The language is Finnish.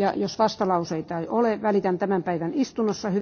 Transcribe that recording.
ja jos vastalauseita ei ole välitän tämän päivän istunnossa